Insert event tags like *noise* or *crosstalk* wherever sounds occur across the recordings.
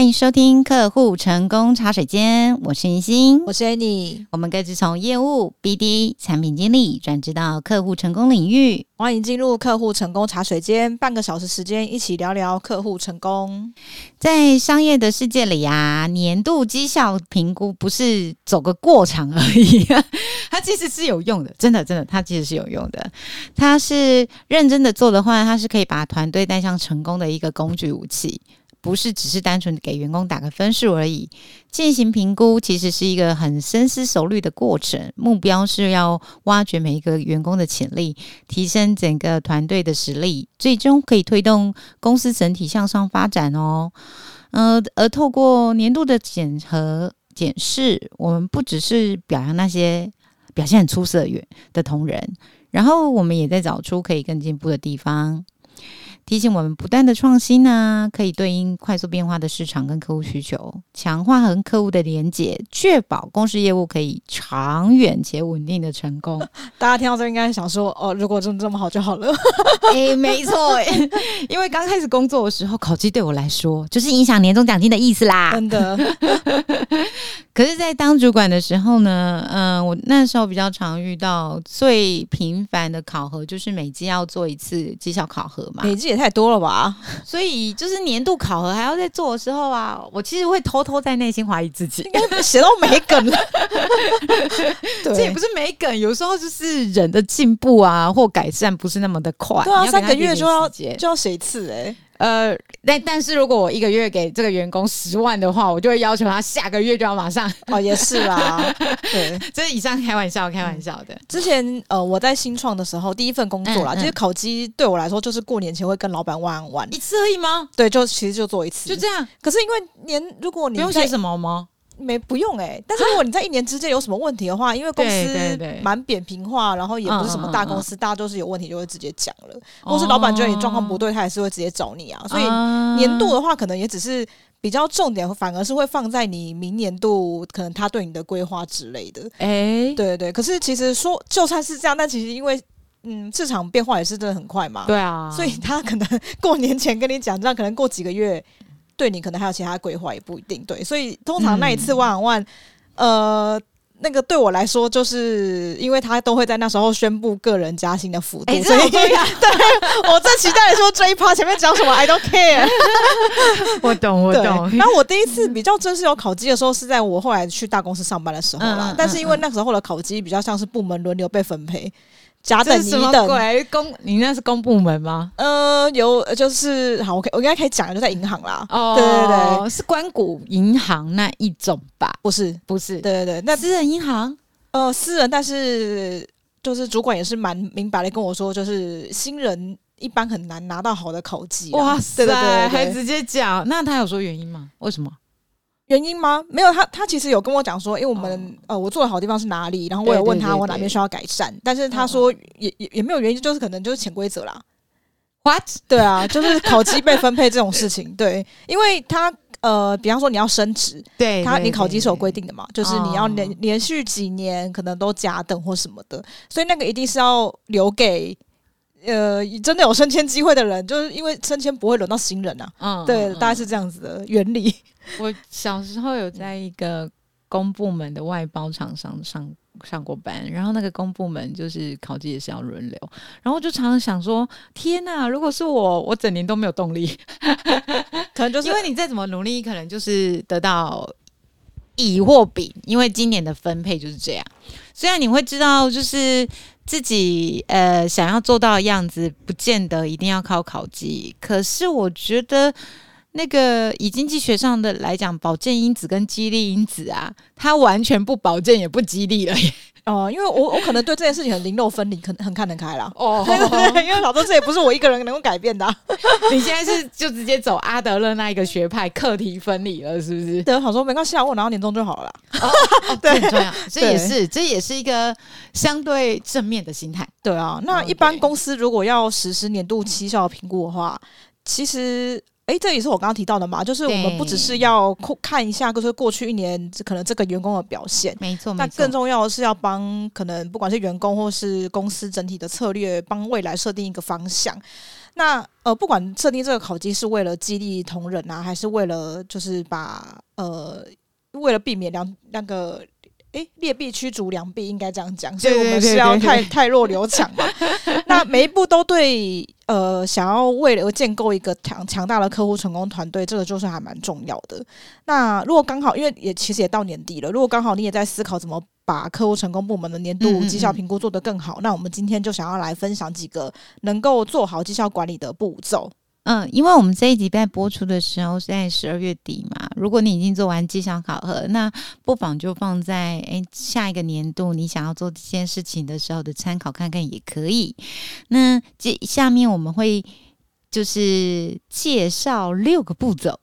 歡迎收聽客戶成功茶水間，我是云心，我是 Annie，我們各自從業務 BD、產品經理轉職到客戶成功領域，歡迎進入客戶成功茶水間，半個小時時間一起聊聊客戶成功。在商業的世界裡啊，年度績效評估不是走個過場而已啊，它其實是有用的，真的真的，它其實是有用的。它是認真的做的話，它是可以把團隊帶上成功的一個工具武器。不是只是單純給員工打個分數而已，進行評估其實是一個很深思熟慮的過程。目標是要挖掘每一個員工的潛力，提升整個團隊的實力，最終可以推動公司整體向上發展哦。呃，而透過年度的檢核檢視，我們不只是表揚那些表現很出色的的同仁，然後我們也在找出可以更進步的地方。提醒我們不斷的創新呢、啊，可以對應快速變化的市場跟客戶需求，強化和客戶的連接，確保公司業務可以長遠且穩定的成功。大家聽到這應該想說：“哦，如果真的這麼好就好了。 *laughs* ”哎、欸，沒錯，因為剛開始工作的時候，考績對我來說就是影響年終獎金的意思啦。真的， *laughs* 可是，在當主管的時候呢，嗯、呃，我那時候比較常遇到最頻繁的考核，就是每季要做一次績效考核嘛，每季。太多了吧，所以就是年度考核還要再做的時候啊，我其實會偷偷在內心懷疑自己，寫 *laughs* 到沒梗了。 *laughs* 對這也不是沒梗，有時候就是人的進步啊或改善不是那麼的快。對啊，三個月就要就要寫一次哎。 *laughs* 呃，但但是如果我一個月給這個員工十萬的話，我就會要求他下個月就要馬上哦，也是啦， *laughs* 對，這是以上開玩笑開玩笑的。嗯、之前呃，我在新創的時候，第一份工作啦，其實、嗯嗯、考績對我來說就是過年前會跟老板玩玩一次而已嗎？對，就其實就做一次，就這樣。可是因為年，如果你不用寫什麼嗎？沒不用誒、欸，但是如果你在一年之間有什麼問題的話，因為公司蠻扁平化，對對對，然後也不是什麼大公司，嗯、大家都是有問題就會直接講了。或、嗯、是老板覺得你狀況不對，嗯、他也是會直接找你啊。所以年度的話，可能也只是比較重點，反而是會放在你明年度可能他對你的規劃之類的。誒、欸，對對對。可是其實說就算是這樣，但其實因為嗯市場變化也是真的很快嘛。對啊，所以他可能過年前跟你講，這樣可能過幾個月。對你可能還有其他規劃也不一定對，所以通常那一次萬萬，嗯、呃，那個對我來說，就是因為他都會在那時候宣布個人加薪的幅度，欸、所以我最期待的就是這一趴前面講什麼，I don't care 我。我懂我懂。然後我第一次比較正式有考績的時候，是在我後來去大公司上班的時候啦，嗯、但是因為那時候的考績比較像是部門輪流被分配。甲等乙等公。你那是公部門嗎？呃，有就是好，我我應該可以講，就在銀行啦。哦，對對對，是官股銀行那一種吧？不是，不是，對對對，那私人銀行？呃，私人，但是就是主管也是蠻明白的跟我說，就是新人一般很難拿到好的口技考績。哇塞，對對對對對，還直接講，那他有說原因嗎？為什麼？原因嗎？沒有，他他其實有跟我講說，因、欸、為我們、哦、呃，我做的好地方是哪裡，然後我有問他我哪邊需要改善，對對對對，但是他說也也也沒有原因，就是可能就是潛規則啦。What？對啊，就是考績被分配這種事情， *laughs* 對，因為他呃，比方說你要升職，對，對，對，對，對他，你考績是有規定的嘛，就是你要連連續幾年可能都甲等或什麼的，所以那個一定是要留給。呃，真的有升遷機會的人，就是因為升遷不會輪到新人啊。嗯、對，大概是這樣子的原理。嗯嗯、 *laughs* 我小時候有在一個公部門的外包廠商上上，上過班，然後那個公部門就是考績也是要輪流，然後就常常想說：天哪，如果是我，我整年都沒有動力， *laughs* 可能就是因為你再怎麼努力，可能就是得到乙或丙，因為今年的分配就是這樣。雖然你會知道，就是。自己呃，想要做到的樣子，不見得一定要靠考級。可是我覺得。那個以經濟學上的來講，保健因子跟激勵因子啊，它完全不保健也不激勵了耶。哦、呃，因為我我可能對這件事情很零落分離，可能很看得開啦。哦，對對對，因為老周這也不是我一個人能夠改變的。啊。 *laughs* 你現在是就直接走阿德勒那一個學派，課題分離了，是不是？對，好說沒關係啊，我拿到年終就好了。對，很重要，這也是對這也是一個相對正面的心態。對啊，那一般公司如果要實施年度績效評估的話，Okay. 其實。誒，這也是我剛剛提到的嘛，就是我們不只是要看一下，就是過去一年可能這個員工的表現，沒錯。但更重要的是要幫可能不管是員工或是公司整體的策略，幫未來設定一個方向。那呃，不管設定這個考績是為了激勵同仁啊，還是為了就是把呃為了避免兩那個。誒，劣幣驅逐良幣，應該這樣講，所以我們是要汰汰弱留強嘛。 *laughs* 那每一步都對，呃，想要為了建構一個強強大的客戶成功團隊，這個就是還蠻重要的。那如果剛好，因為也其實也到年底了，如果剛好你也在思考怎麼把客戶成功部門的年度績效評估做得更好，嗯，那我們今天就想要來分享幾個能夠做好績效管理的步驟。嗯，因為我們這一集在播出的時候是在十二月底嘛，如果你已經做完績效考核，那不妨就放在誒、欸、下一個年度你想要做這件事情的時候的參考看看也可以。那這下面我們會就是介紹六個步驟，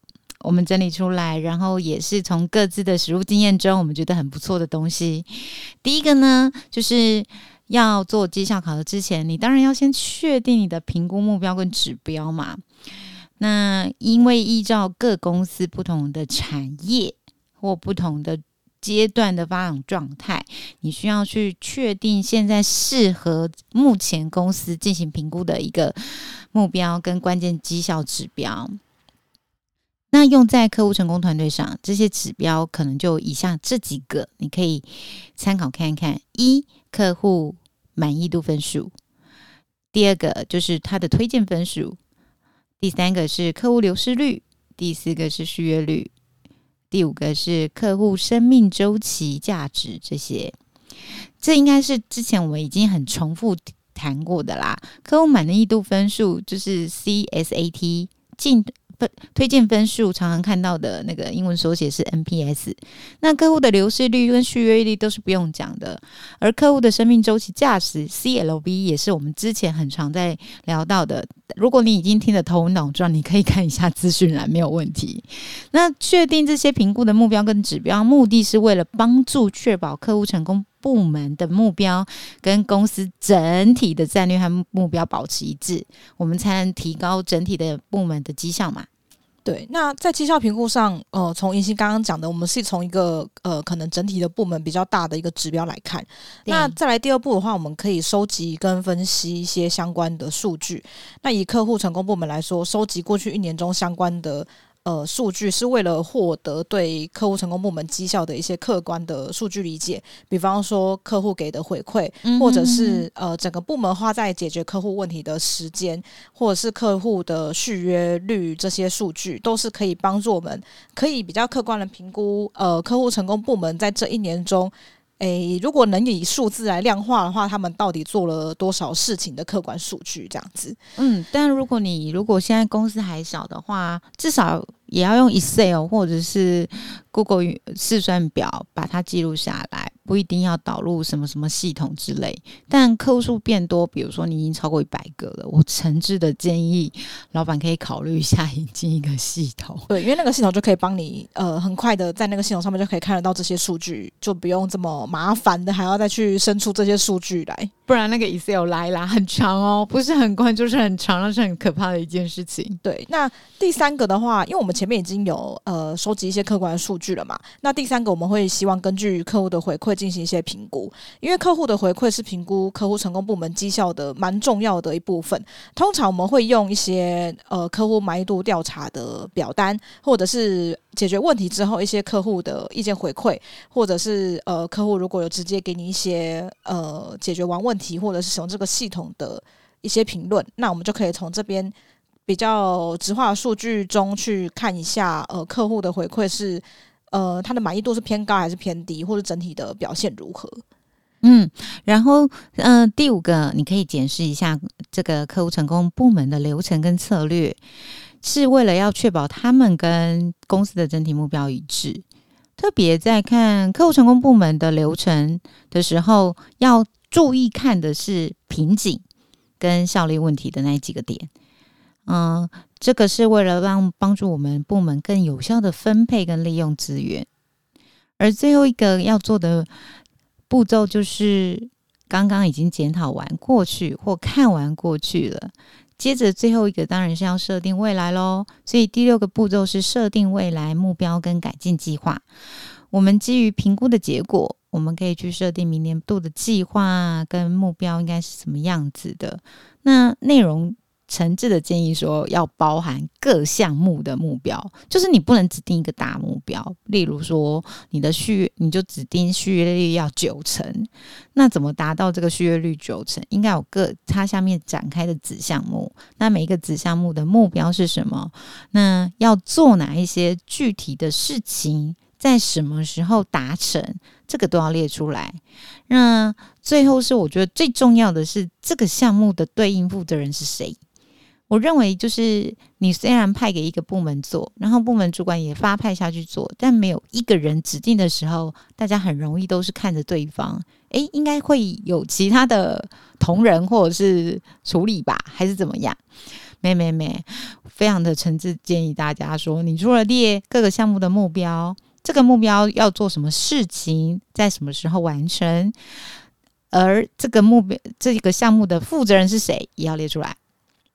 我們整理出來，然後也是從各自的實務經驗中，我們覺得很不錯的東西。第一個呢就是。要做績效考核之前，你當然要先確定你的評估目標跟指標嘛。那因為依照各公司不同的產業或不同的階段的發展狀態，你需要去確定現在適合目前公司進行評估的一個目標跟關鍵績效指標。那用在客戶成功團隊上，這些指標可能就以下這幾個，你可以參考看看。一客戶滿意度分數，第二個就是他的推薦分數，第三個是客戶流失率，第四個是續約率，第五個是客戶生命周期價值這些。這應該是之前我們已經很重複談過的啦。客戶滿意度分數就是 CSAT 進。不，推薦分數常常看到的那個英文縮寫是 NPS。那客戶的流失率跟續約率都是不用講的，而客戶的生命週期價值 CLV 也是我們之前很常在聊到的。如果你已經聽得頭昏腦脹，你可以看一下資訊欄，沒有問題。那確定這些評估的目標跟指標，目的是為了幫助確保客戶成功部門的目標跟公司整體的戰略和目標保持一致，我們才能提高整體的部門的績效嘛？對。那在績效評估上，呃，從銀星剛剛講的，我們是從一個呃，可能整體的部門比較大的一個指標來看。對那再來第二步的話，我們可以收集跟分析一些相關的數據。那以客戶成功部門來說，收集過去一年中相關的。呃，數據是為了獲得對客戶成功部門績效的一些客觀的數據理解，比方說客戶給的回饋，嗯、哼哼哼或者是呃整個部門花在解決客戶問題的時間，或者是客戶的續約率這些數據，都是可以幫助我們可以比較客觀的評估。呃，客戶成功部門在這一年中，誒、欸，如果能以數字來量化的話，他們到底做了多少事情的客觀數據，這樣子。嗯，但如果你如果現在公司還小的話，至少，也要用 Excel 或者是 Google 試算表把它記錄下來，不一定要導入什麼什麼系統之類。但客戶數變多，比如說你已經超過一百個了，我誠摯的建議老板可以考慮一下引進一個系統。對，因為那個系統就可以幫你呃很快的在那個系統上面就可以看得到這些數據，就不用這麼麻煩的還要再去生出這些數據來。不然那個 Excel 來啦，很長哦，不是很短，就是很長，那是很可怕的一件事情。對，那第三個的話，因為我們前面已經有呃收集一些客觀的數據了嘛，那第三個我們會希望根據客戶的回饋進行一些評估，因為客戶的回饋是評估客戶成功部門績效的蠻重要的一部分。通常我們會用一些呃客戶滿意度調查的表單，或者是。解決問題之後，一些客戶的意見回饋，或者是呃，客戶如果有直接給你一些呃，解決完問題或者是使用這個系統的一些評論，那我們就可以從這邊比較直化的數據中去看一下，呃，客戶的回饋是呃，他的滿意度是偏高還是偏低，或者整體的表現如何？嗯，然後嗯、呃，第五個，你可以檢視一下這個客戶成功部門的流程跟策略。是為了要確保他們跟公司的整體目標一致，特別在看客戶成功部門的流程的時候，要注意看的是瓶頸跟效率問題的那幾個點。嗯，這個是為了讓幫，幫助我們部門更有效地分配跟利用資源。而最後一個要做的步驟，就是剛剛已經檢討完過去或看完過去了。接着最後一個當然是要設定未來嘍，所以第六個步驟是設定未來目標跟改進計劃。我們基於評估的結果，我們可以去設定明年度的計劃跟目標應該是什麼樣子的。那內容。誠摯的建議說，要包含各項目的目標，就是你不能只定一個大目標。例如說，你的續你就指定續約率要九成，那怎麼達到這個續約率九成？應該有個它下面展開的子項目，那每一個子項目的目標是什麼？那要做哪一些具體的事情？在什麼時候達成？這個都要列出來。那最後是我覺得最重要的是，這個項目的對應負責人是誰？我認為，就是你雖然派給一個部門做，然後部門主管也發派下去做，但沒有一個人指定的時候，大家很容易都是看着對方，誒，應該會有其他的同仁或者是處理吧，還是怎麼樣？沒沒沒，非常的誠摯建議大家說，你除了列各個項目的目標，這個目標要做什麼事情，在什麼時候完成，而這個目標這個項目的負責人是誰，也要列出來。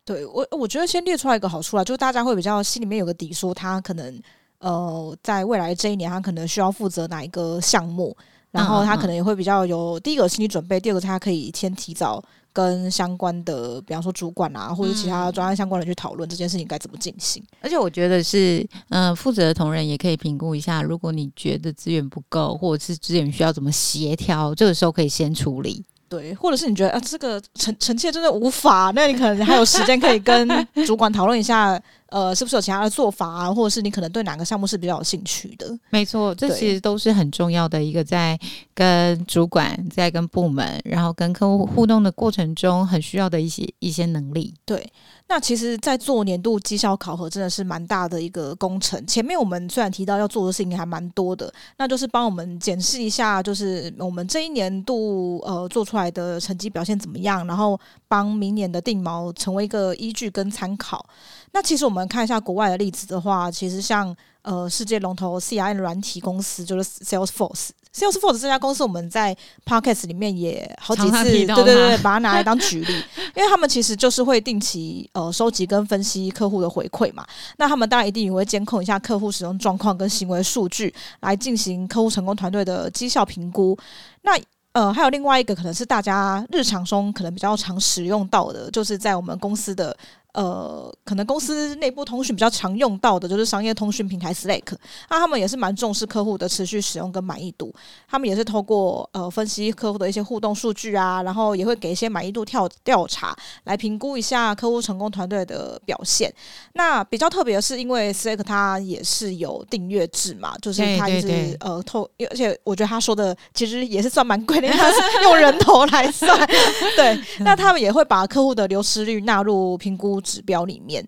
對，我，我覺得先列出來一個好處啦，就是大家會比較心裡面有個底說，說他可能呃，在未來這一年，他可能需要負責哪一個項目，然後他可能也會比較有第一個心理準備，第二個是他可以先提早跟相關的，比方說主管啊，或者其他專案相關的人去討論這件事情該怎麼進行。嗯，而且我覺得是，嗯，呃，負責的同仁也可以評估一下，如果你覺得資源不夠，或者是資源需要怎麼協調，這個時候可以先處理。對，或者是你覺得啊，這個臣臣妾真的無法，那你可能還有時間可以跟主管討論一下。 *laughs* 呃，是不是有其他的做法啊？或者是你可能對哪個項目是比較有興趣的？沒錯，這其實都是很重要的一個，在跟主管、在跟部門，然後跟客戶互動的過程中，很需要的一些一些能力。對，那其實，在做年度績效考核，真的是蠻大的一個工程。前面我們雖然提到要做的事情還蠻多的，那就是幫我們檢視一下，就是我們這一年度呃做出來的成績表現怎麼樣，然後幫明年的定錨成為一個依據跟參考。那其實我們看一下國外的例子的話，其實像呃世界龍頭 CRM 軟體公司就是 Salesforce，Salesforce 這家公司我們在 Podcast 裡面也好幾次，對對對，把它拿來當舉例， *laughs* 因為他們其實就是會定期呃收集跟分析客戶的回饋嘛。那他們當然一定也會監控一下客戶使用狀況跟行為數據，來進行客戶成功團隊的績效評估。那呃還有另外一個可能是大家日常中可能比較常使用到的，就是在我們公司的。呃，可能公司內部通訊比較常用到的就是商業通訊平台 Slack，那他們也是蠻重視客戶的持續使用跟滿意度。他們也是透過呃分析客戶的一些互動數據啊，然後也會給一些滿意度調調查來評估一下客戶成功團隊的表現。那比較特別的是，因為 Slack 它也是有訂閱制嘛，就是它也是呃透，而且我覺得他說的其實也是算蠻貴的，因為他是用人頭來算。 *laughs* 對，那他們也會把客戶的流失率納入評估。指標裡面。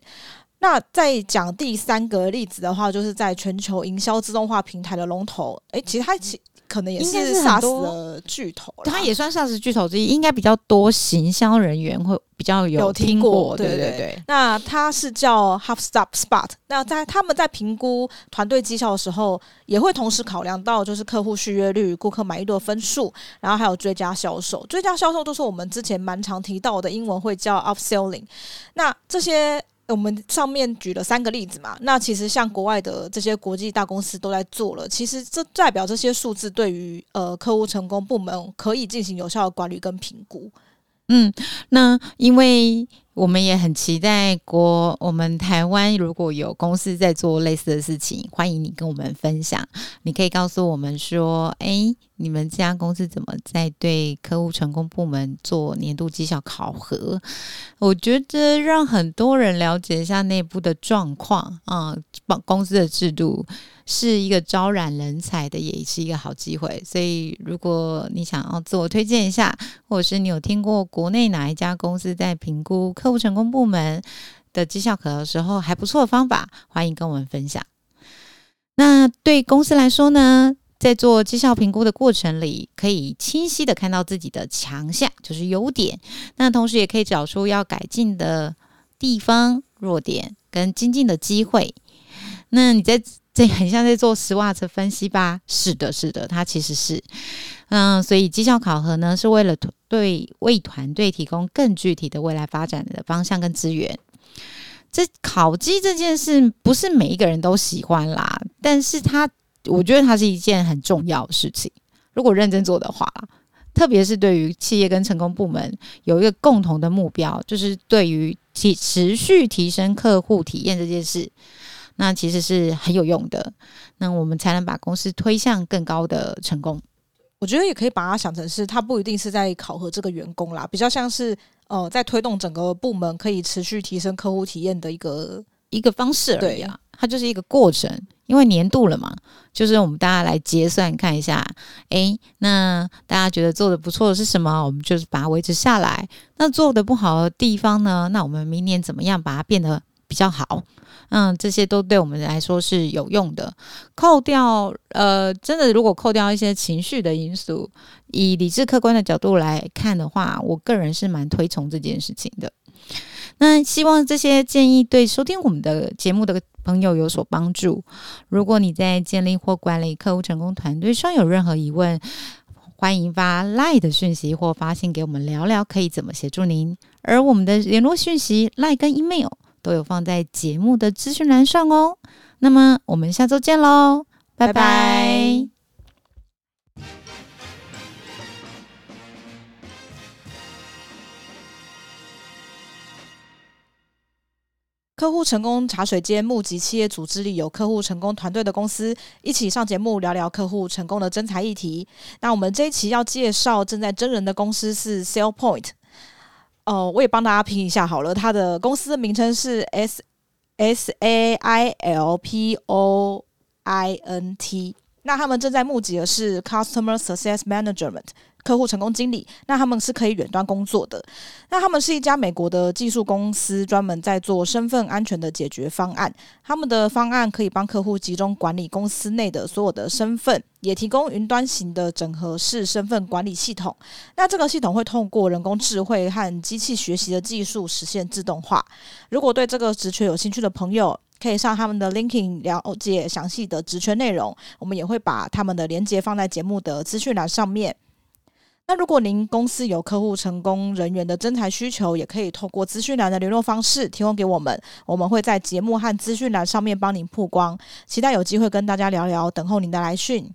那再講第三個例子的話，就是在全球營銷自動化平台的龍頭，誒、欸，其實它其可能也是 SaaS 巨頭，它也算 SaaS 巨頭之一，應該比較多行銷人員會比較有聽過，聽過。對對對。對對對，那它是叫 HubSpot，t o s p 那在他們在評估團隊績效的時候，也會同時考量到就是客戶續約率、顧客滿意度的分數，然後還有追加銷售，追加銷售都是我們之前蠻常提到的英文會叫 Upselling，那這些。我們上面舉了三個例子嘛，那其實像國外的這些國際大公司都在做了，其實這代表這些數字對於呃客戶成功部門可以進行有效的管理跟評估。嗯，那因為我們也很期待國我們台灣如果有公司在做類似的事情，歡迎你跟我們分享。你可以告訴我們說，哎。你們這家公司怎麼在對客戶成功部門做年度績效考核？我覺得讓很多人了解一下內部的狀況啊，公、嗯、公司的制度是一個招攬人才的，也是一個好機會。所以，如果你想要自我推薦一下，或者是你有聽過國內哪一家公司在評估客戶成功部門的績效考核的時候還不錯的方法，歡迎跟我們分享。那對公司來說呢，在做績效評估的過程裡，可以清晰地看到自己的強項，就是優點；那同時也可以找出要改進的地方、弱點跟精進的機會。那你在這很像在做 SWOT 分析吧？是的，是的，它其實是，嗯，所以績效考核呢，是為了團，對，為團隊提供更具體的未來發展的方向跟資源。這考績這件事，不是每一個人都喜歡啦，但是它。我覺得它是一件很重要的事情，如果認真做的話啦，特別是對於企業跟成功部門有一個共同的目標，就是對於其持續提升客戶體驗這件事，那其實是很有用的。那我們才能把公司推向更高的成功。我覺得也可以把它想成是，它不一定是在考核這個員工啦，比較像是呃，在推動整個部門可以持續提升客戶體驗的一個一個方式而已啊。對啊。它就是一個過程，因為年度了嘛，就是我們大家來結算看一下，誒，那大家覺得做的不錯的是什麼？我們就是把它維持下來。那做的不好的地方呢？那我們明年怎麼樣把它變得比較好？嗯，這些都對我們來說是有用的。扣掉，呃，真的，如果扣掉一些情緒的因素，以理智客觀的角度來看的話，我個人是蠻推崇這件事情的。那希望這些建議對收聽我們的節目的朋友有所幫助。如果你在建立或管理客戶成功團隊上有任何疑問，歡迎發 LINE 的訊息或發信給我們聊聊，可以怎麼協助您。而我們的聯絡訊息 LINE 跟 email 都有放在節目的資訊欄上哦。那麼我們下週見嘍，拜拜。客戶成功茶水間，募集企業組織裡有客戶成功團隊的公司，一起上節目聊聊客戶成功的徵才議題。那我們這一期要介紹正在徵人的公司是 SailPoint 哦、呃，我也幫大家拼一下好了，它的公司的名稱是 S S A I L P O I N T。那他們正在募集的是 Customer Success Management 客戶成功經理。那他們是可以遠端工作的。那他們是一家美國的技術公司，專門在做身份安全的解決方案。他們的方案可以幫客戶集中管理公司內的所有的身份，也提供雲端型的整合式身份管理系統。那這個系統會透過人工智慧和機器學習的技術實現自動化。如果對這個職缺有興趣的朋友，可以上他們的 LinkedIn 了解詳細的職缺內容，我們也會把他們的連接放在節目的資訊欄上面。那如果您公司有客戶成功人員的徵才需求，也可以透過資訊欄的聯絡方式提供給我們，我們會在節目和資訊欄上面幫您曝光。期待有機會跟大家聊聊，等候您的來訊。